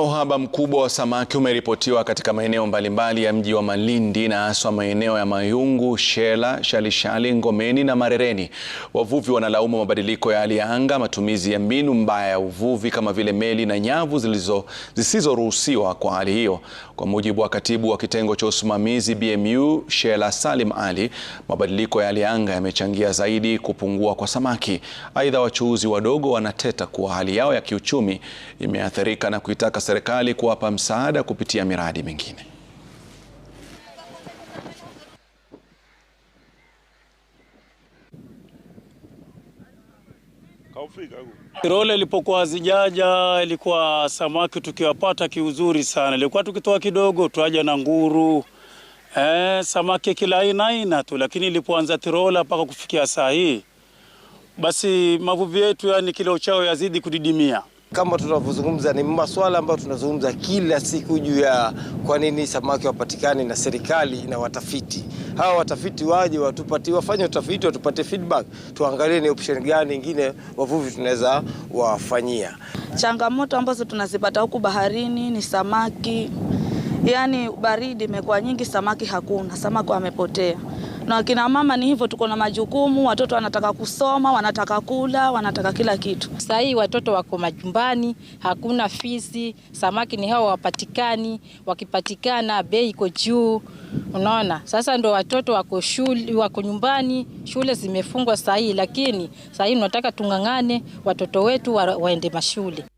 Uhaba mkubwa wa samaki umeripotiwa katika maeneo mbalimbali ya mji wa Malindi na haswa maeneo ya Mayungu, Shela, Shalishali, Ngomeni na Marereni. Wavuvi wanalaumu mabadiliko ya hali ya anga, matumizi ya mbinu mbaya ya uvuvi kama vile meli na nyavu zilizo zisizoruhusiwa kwa hali hiyo. Kwa mujibu wa katibu wa kitengo cha usimamizi BMU Shela Salim Ali, mabadiliko ya hali ya anga yamechangia zaidi kupungua kwa samaki. Aidha, wachuuzi wadogo wanateta kuwa hali yao ya kiuchumi imeathirika na kuitaka serikali kuwapa msaada kupitia miradi mingine. Role ilipokuwa zijaja ilikuwa samaki tukiwapata kiuzuri sana, ilikuwa tukitoa kidogo tuaja na nguru eh, samaki kila aina aina tu, lakini ilipoanza Tirola mpaka kufikia saa hii, basi mavuvi yetu, yani kile uchao yazidi kudidimia. Kama tunavyozungumza ni maswala ambayo tunazungumza kila siku juu ya kwa nini samaki wapatikani, na serikali na watafiti hawa watafiti waje watupatie, wafanye utafiti, watupatie feedback, tuangalie ni option gani nyingine wavuvi tunaweza wafanyia. Changamoto ambazo tunazipata huku baharini ni samaki, yaani baridi imekuwa nyingi, samaki hakuna, samaki wamepotea na kina mama ni hivyo, tuko na majukumu, watoto wanataka kusoma, wanataka kula, wanataka kila kitu. Sasa hii watoto wako majumbani, hakuna fisi, samaki ni hao wapatikani, wakipatikana bei iko juu. Unaona, sasa ndo watoto wako shule, wako nyumbani, shule zimefungwa sahii, lakini sahii tunataka tung'ang'ane watoto wetu wa, waende mashule.